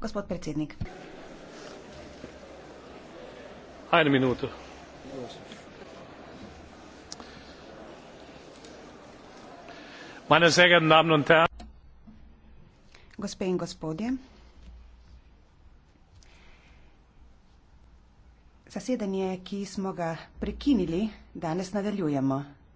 gospod predsednik. Eno minuto. Meine sehr geehrten Damen und Herren. Gospe in gospodje. Zasedanje, ki smo ga prekinili, danes nadaljujemo.